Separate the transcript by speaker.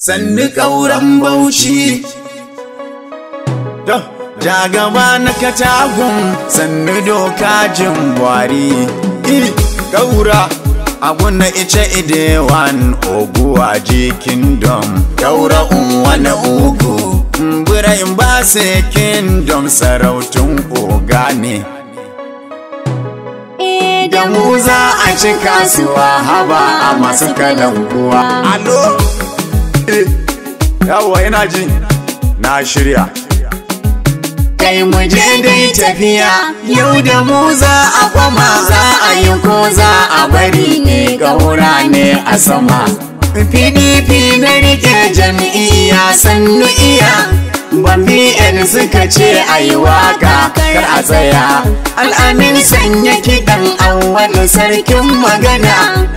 Speaker 1: sannu ƙauren bauchi jagaba na katagun sannu doka jin buhari abu na ice idewan oguwa ji kingdom ƙaura unwa na ugu mbura in ba se kingdom sarautun oga ne
Speaker 2: da mu za a ci kasuwa haba a masu
Speaker 1: kalankuwa Yawo ina jin na shirya
Speaker 3: kai mu je dai tafiya yau da mu za a kwama za a yi ko za a bari ne ga ne a sama pdp na rike jam'iyya sannu iya bambi yan suka ce a yi waka kar a tsaya al'amin sanya kiɗan an wani sarkin
Speaker 4: magana